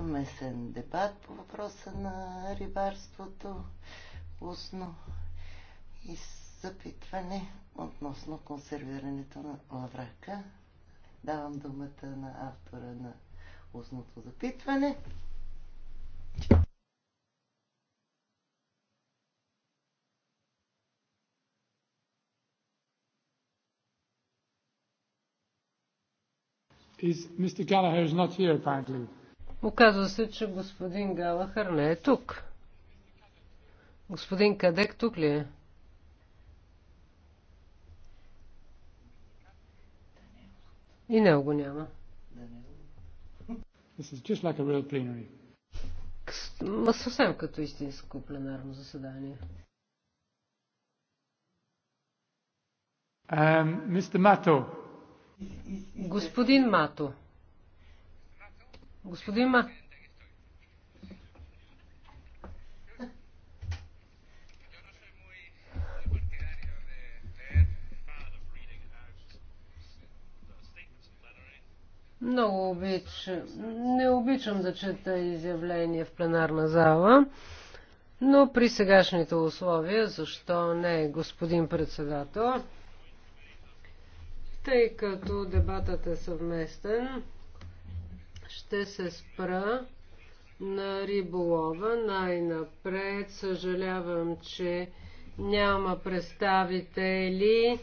съвместен дебат по въпроса на рибарството, устно и запитване относно консервирането на лаврака. Давам думата на автора на устното запитване. Is Mr. Gallagher is not here apparently. Оказва се, че господин Галахър не е тук. Господин Кадек тук ли е? И не го няма. This is just like a real plenary. Ма съвсем като истинско пленарно заседание. Um, Мато. Господин Мато. Господин Ма. Много обичам. Не обичам да чета изявление в пленарна зала, но при сегашните условия, защо не, господин председател, тъй като дебатът е съвместен, ще се спра на риболова. Най-напред съжалявам, че няма представители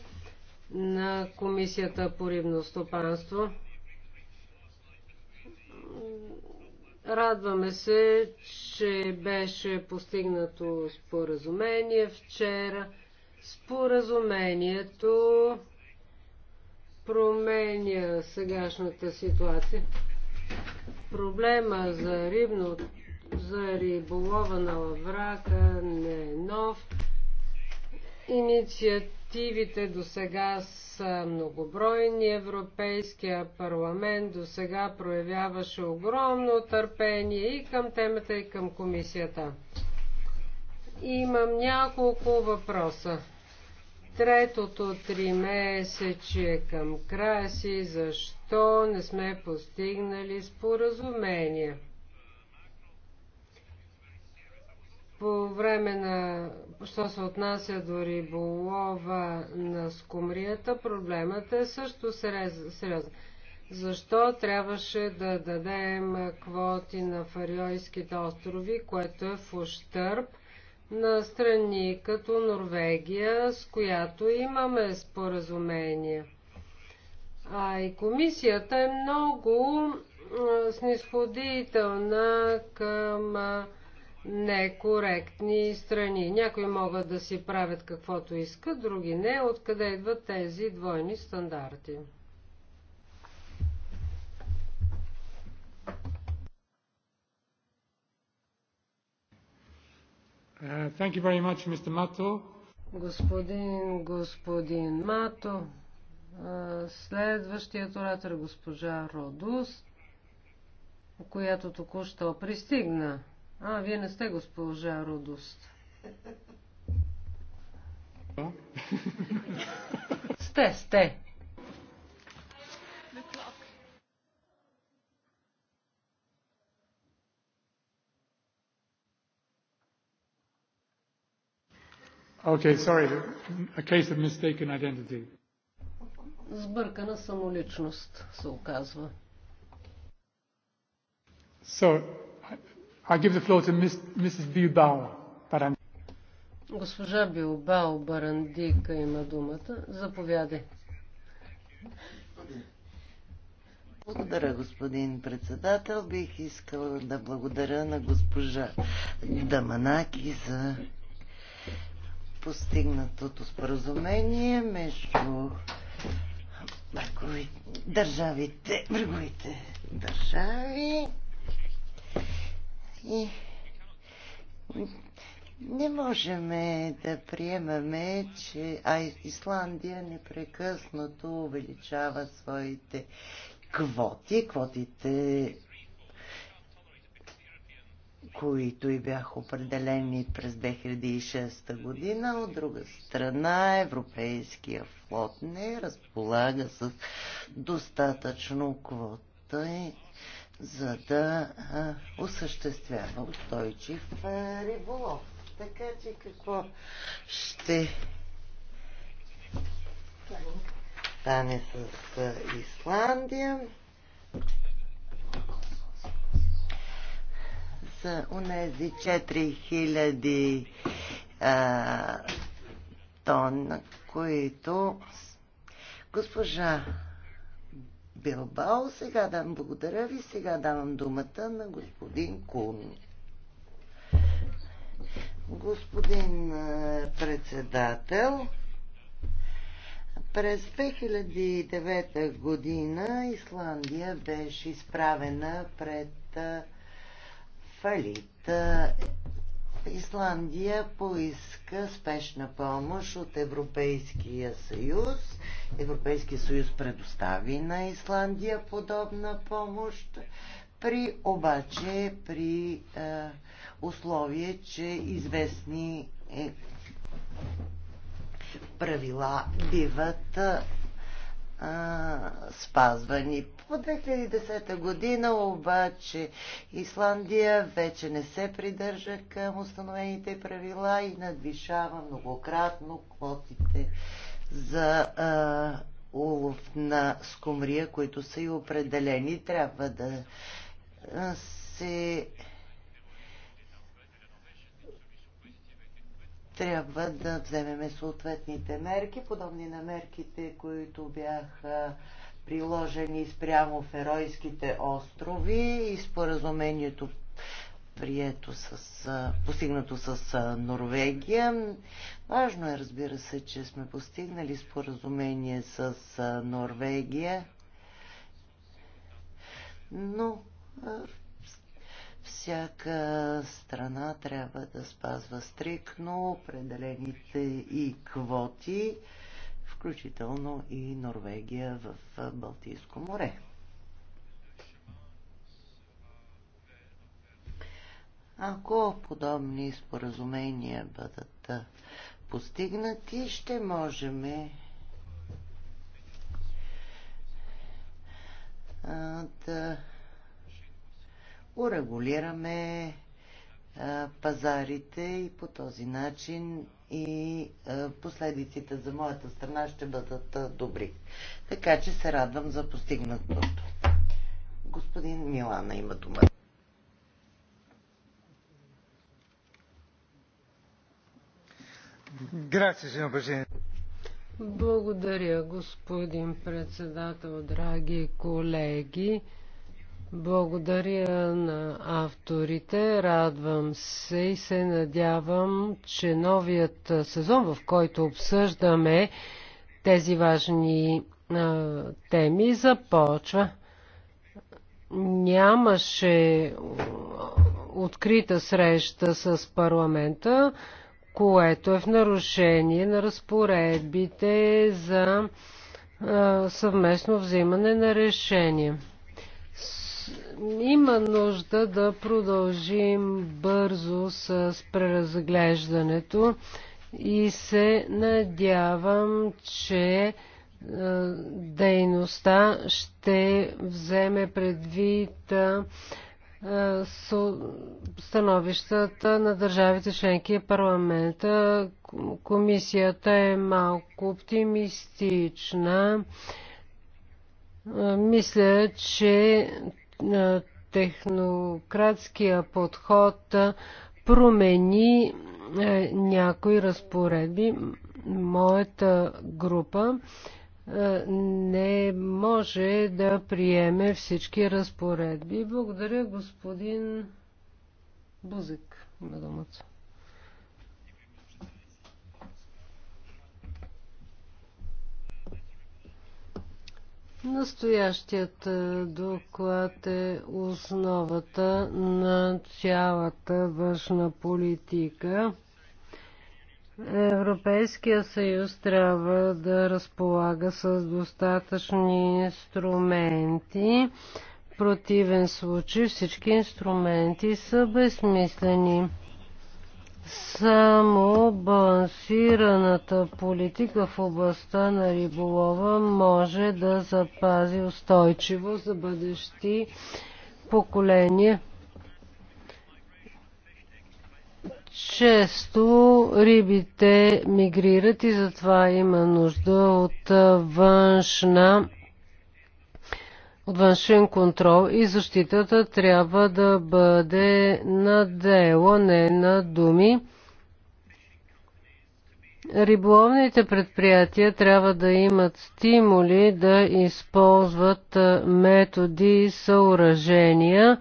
на Комисията по рибно стопанство. Радваме се, че беше постигнато споразумение вчера. Споразумението променя сегашната ситуация. Проблема за, рибно, за риболова на лаврака не е нов. Инициативите до сега са многобройни. Европейския парламент до сега проявяваше огромно търпение и към темата, и към комисията. Имам няколко въпроса. Третото три месече към края си, защо то не сме постигнали споразумение. По време на, що се отнася до риболова на скумрията, проблемът е също сериозен. Защо трябваше да дадем квоти на Фариойските острови, което е в ущърп на страни като Норвегия, с която имаме споразумение? А и комисията е много снисходителна към некоректни страни. Някои могат да си правят каквото искат, други не. Откъде идват тези двойни стандарти? Uh, thank you very much, Mr. Mato. Господин, господин Мато, Следващият оратор е госпожа Родус, която току-що пристигна. А, вие не сте госпожа Родус. Сте, сте. Okay, sorry, a case of mistaken identity сбъркана самоличност, се оказва. So, I give the floor to Miss, Mrs. Bilbao Barandika. Госпожа Билбао Барандика има думата. Заповядай. Благодаря, господин председател. Бих искала да благодаря на госпожа Даманаки за постигнатото споразумение между бъргови, държавите, бърговите държави. И не можем да приемаме, че а Исландия непрекъснато увеличава своите квоти. Квотите които и бяха определени през 2006 година. От друга страна, европейския флот не разполага с достатъчно квота, за да а, осъществява устойчив а, риболов. Така че какво ще стане с а, Исландия? са унези 4000 а, тон, които госпожа Билбао. Сега дам благодаря ви. Сега давам думата на господин Кун. Господин председател, през 2009 година Исландия беше изправена пред фалит. Исландия поиска спешна помощ от Европейския съюз. Европейския съюз предостави на Исландия подобна помощ, при обаче при е, условие, че известни е, правила биват е, спазвани. От 2010 година обаче Исландия вече не се придържа към установените правила и надвишава многократно квотите за а, улов на скумрия, които са и определени. Трябва да се трябва да вземеме съответните мерки, подобни на мерките, които бяха приложени спрямо Феройските острови и споразумението прието с, постигнато с Норвегия. Важно е, разбира се, че сме постигнали споразумение с Норвегия, но всяка страна трябва да спазва стрикно определените и квоти включително и Норвегия в Балтийско море. Ако подобни споразумения бъдат постигнати, ще можем да урегулираме пазарите и по този начин и е, последиците за моята страна ще бъдат е, добри. Така че се радвам за постигнатото. Господин Милана има дума. Грация, жена президент. Благодаря, господин председател, драги колеги. Благодаря на авторите. Радвам се и се надявам, че новият сезон, в който обсъждаме тези важни а, теми, започва. Нямаше открита среща с парламента, което е в нарушение на разпоредбите за а, съвместно взимане на решения има нужда да продължим бързо с преразглеждането и се надявам, че е, дейността ще вземе предвид е, становищата на държавите членки и парламента. Комисията е малко оптимистична. Е, мисля, че технократския подход промени е, някои разпоредби. Моята група е, не може да приеме всички разпоредби. Благодаря, господин Бузик. Има думата. Настоящият е, доклад е основата на цялата външна политика. Европейския съюз трябва да разполага с достатъчни инструменти. В противен случай всички инструменти са безсмислени. Само балансираната политика в областта на риболова може да запази устойчиво за бъдещи поколения. Често рибите мигрират и затова има нужда от външна външен контрол и защитата трябва да бъде на дело, не на думи. Риболовните предприятия трябва да имат стимули да използват методи и съоръжения,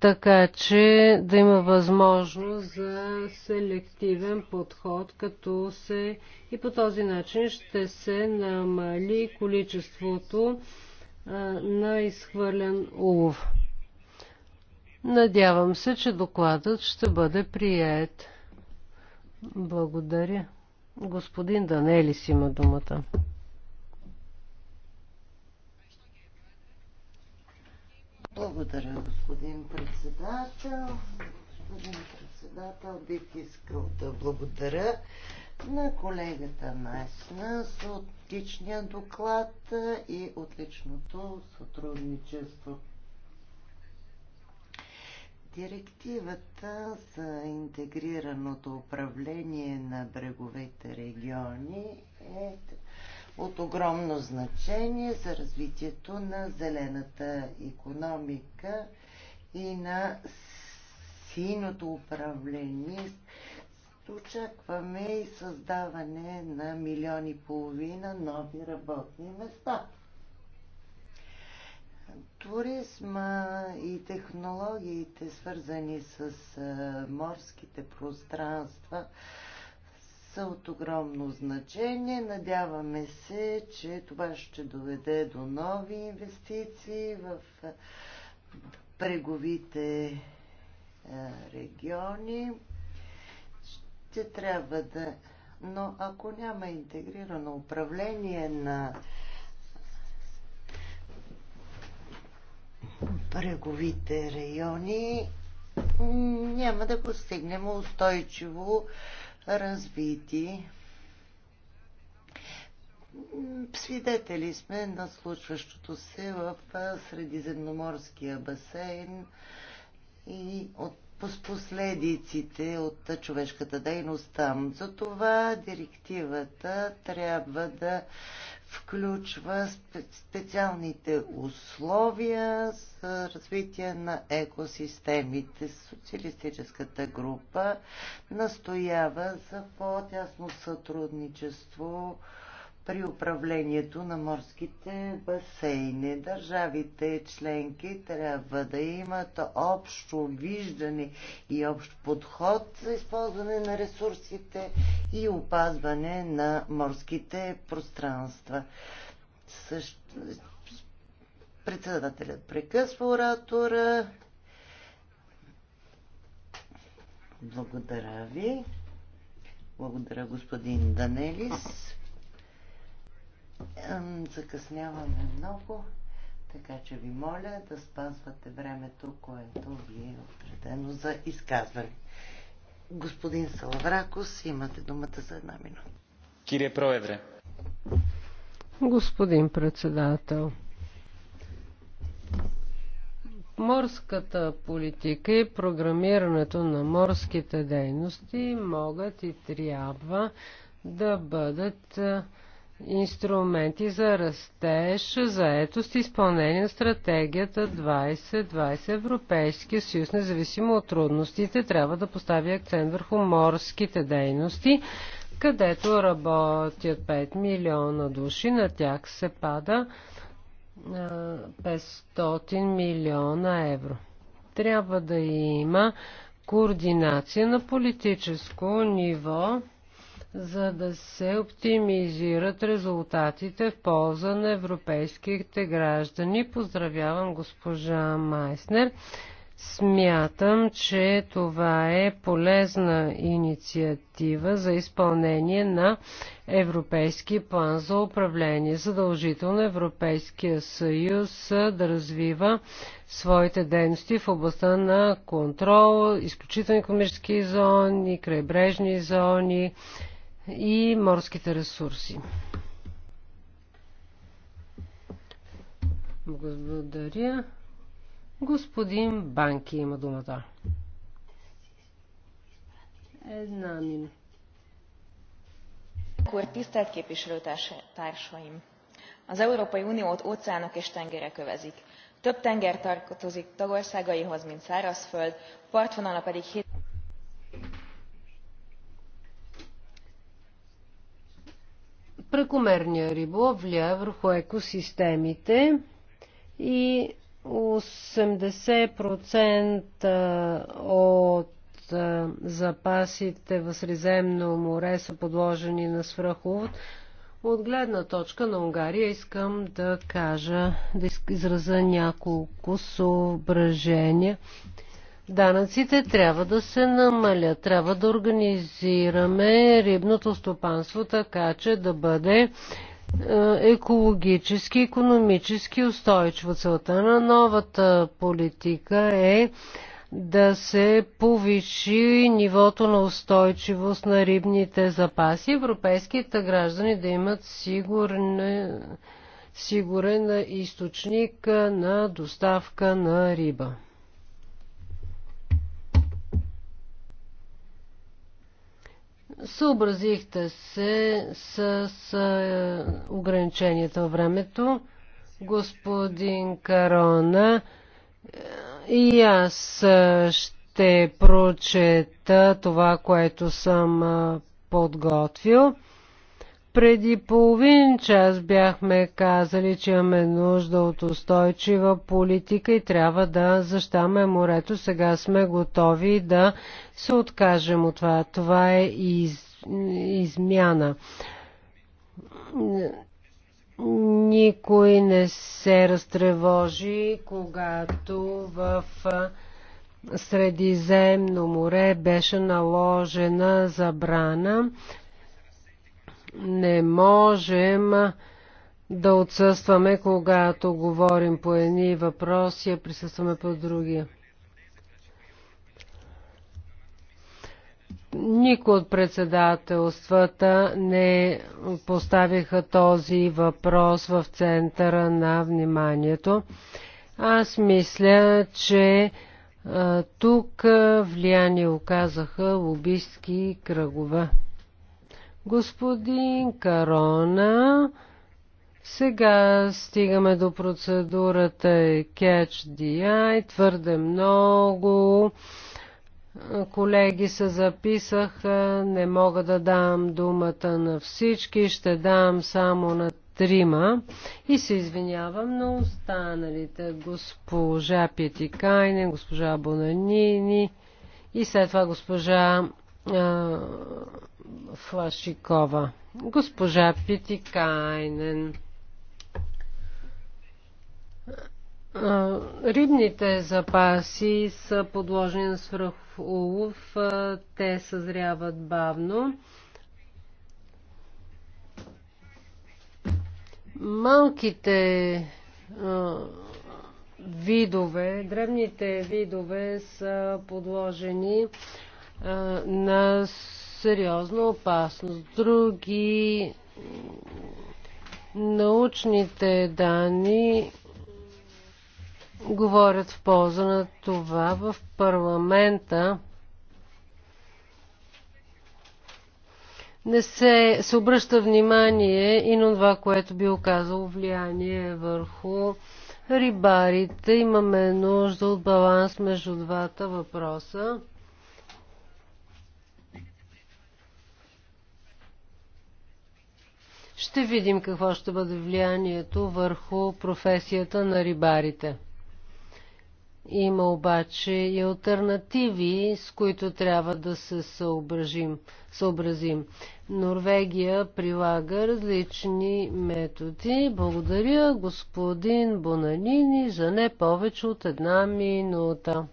така че да има възможност за селективен подход, като се и по този начин ще се намали количеството на изхвърлен улов. Надявам се, че докладът ще бъде прият. Благодаря. Господин Данелис има думата. Благодаря, господин председател. Господин председател, бих искал да благодаря на колегата Майсна с отличния доклад и отличното сътрудничество. Директивата за интегрираното управление на бреговете региони е от огромно значение за развитието на зелената економика и на синото управление очакваме и създаване на милиони и половина нови работни места. Туризма и технологиите, свързани с морските пространства, са от огромно значение. Надяваме се, че това ще доведе до нови инвестиции в преговите региони ще трябва да. Но ако няма интегрирано управление на бреговите райони, няма да постигнем устойчиво развитие. Свидетели сме на случващото се в Средиземноморския басейн и от с последиците от човешката дейност там. Затова директивата трябва да включва специалните условия за развитие на екосистемите. Социалистическата група настоява за по-тясно сътрудничество при управлението на морските басейни. Държавите членки трябва да имат общо виждане и общ подход за използване на ресурсите и опазване на морските пространства. Също... Председателят прекъсва оратора. Благодаря ви. Благодаря господин Данелис. Закъсняваме много, така че ви моля да спазвате времето, което ви е определено за изказване. Господин Салавракос, имате думата за една минута. Кирие Проевре. Господин председател, морската политика и програмирането на морските дейности могат и трябва да бъдат инструменти за растеж, заетост и изпълнение на стратегията 2020 Европейския съюз. Независимо от трудностите, трябва да постави акцент върху морските дейности, където работят 5 милиона души. На тях се пада 500 милиона евро. Трябва да има координация на политическо ниво за да се оптимизират резултатите в полза на европейските граждани. Поздравявам госпожа Майснер. Смятам, че това е полезна инициатива за изпълнение на Европейски план за управление. Задължително Европейския съюз да развива своите дейности в областта на контрол, изключителни економически зони, крайбрежни зони, и морските ресурси. Благодаря. Господин Банки има думата. Една мина. Akkor tisztelt képviselőtársaim! Az Európai Uniót óceánok és tengerek kövezik. Több tenger tartozik tagországaihoz, mint szárazföld, partvonala pedig 7 прекомерния риболов влияе върху екосистемите и 80% от запасите в Средиземно море са подложени на свръхлов. От гледна точка на Унгария искам да кажа, да изразя няколко съображения. Данъците трябва да се намалят. Трябва да организираме рибното стопанство така, че да бъде е, екологически економически устойчиво. Целта на новата политика е да се повиши нивото на устойчивост на рибните запаси, европейските граждани да имат сигурен, сигурен източник на доставка на риба. Съобразихте се с, с е, ограниченията във времето. Господин Карона, е, и аз е, ще прочета това, което съм подготвил. Преди половин час бяхме казали, че имаме нужда от устойчива политика и трябва да защаме морето. Сега сме готови да се откажем от това. Това е из, измяна. Никой не се разтревожи, когато в Средиземно море беше наложена забрана не можем да отсъстваме, когато говорим по едни въпроси, а присъстваме по други. Никой от председателствата не поставиха този въпрос в центъра на вниманието. Аз мисля, че тук влияние оказаха лобистки кръгове. Господин Карона, сега стигаме до процедурата Catch the Eye. Твърде много колеги се записаха. Не мога да дам думата на всички. Ще дам само на трима. И се извинявам на останалите. Госпожа Петикайне, госпожа Бонанини и след това госпожа Флашикова. Госпожа Питикайнен. Рибните запаси са подложени на свръхулов. Те съзряват бавно. Малките видове, древните видове са подложени на сериозна опасност. Други научните данни говорят в полза на това в парламента. Не се, се обръща внимание и на това, което би оказало влияние върху рибарите. Имаме нужда от баланс между двата въпроса. Ще видим какво ще бъде влиянието върху професията на рибарите. Има обаче и альтернативи, с които трябва да се съобразим. съобразим. Норвегия прилага различни методи. Благодаря господин Бонанини за не повече от една минута.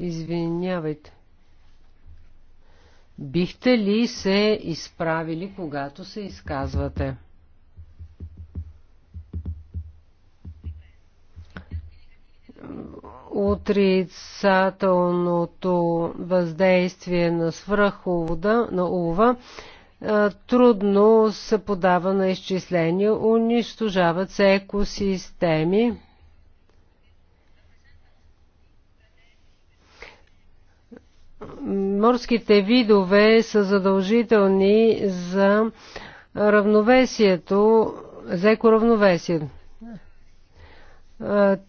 Извинявайте. Бихте ли се изправили, когато се изказвате? Отрицателното въздействие на свръхувода на ува трудно се подава на изчисление, унищожават се екосистеми морските видове са задължителни за равновесието, за екоравновесието.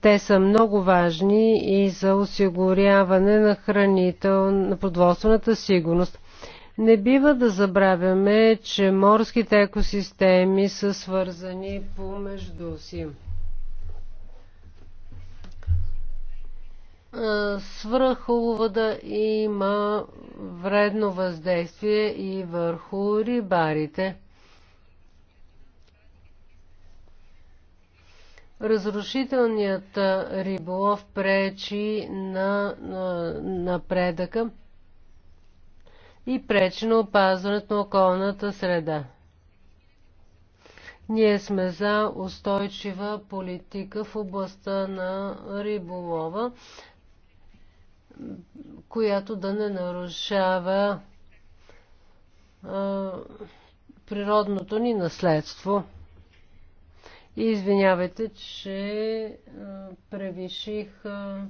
Те са много важни и за осигуряване на хранител, на продоволствената сигурност. Не бива да забравяме, че морските екосистеми са свързани помежду си. Е, свръхуловода да има вредно въздействие и върху рибарите. Разрушителният риболов пречи на, напредъка на и пречи на опазването на околната среда. Ние сме за устойчива политика в областта на риболова която да не нарушава а, природното ни наследство. И извинявайте, че а, превиших а,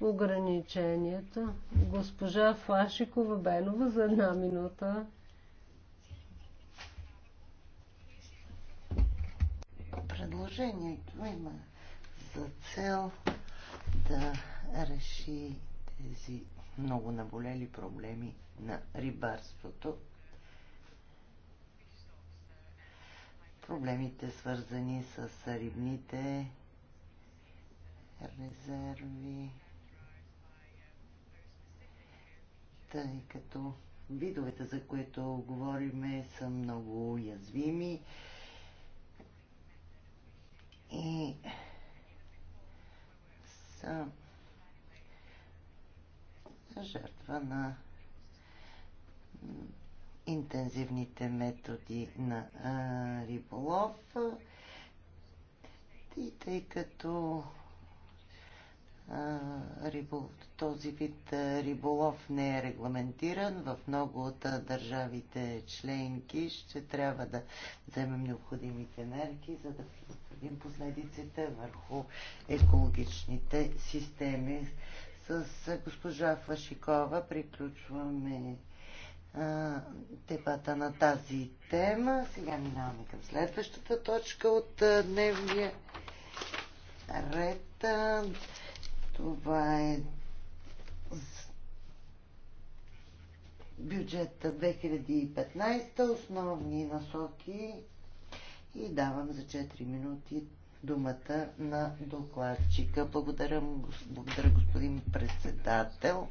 ограниченията. Госпожа Флашикова Бенова за една минута. Предложението има за цел да реши тези много наболели проблеми на рибарството. Проблемите свързани с рибните резерви, тъй като видовете, за които говорим, са много уязвими и са жертва на интензивните методи на а, риболов. И тъй като а, рибол, този вид риболов не е регламентиран в много от държавите членки, ще трябва да вземем необходимите мерки, за да предотвратим последиците върху екологичните системи. С госпожа Фашикова приключваме а, дебата на тази тема. Сега минаваме към следващата точка от дневния ред. това е бюджета 2015, основни насоки и давам за 4 минути думата на докладчика. Благодаря, благодаря господин председател.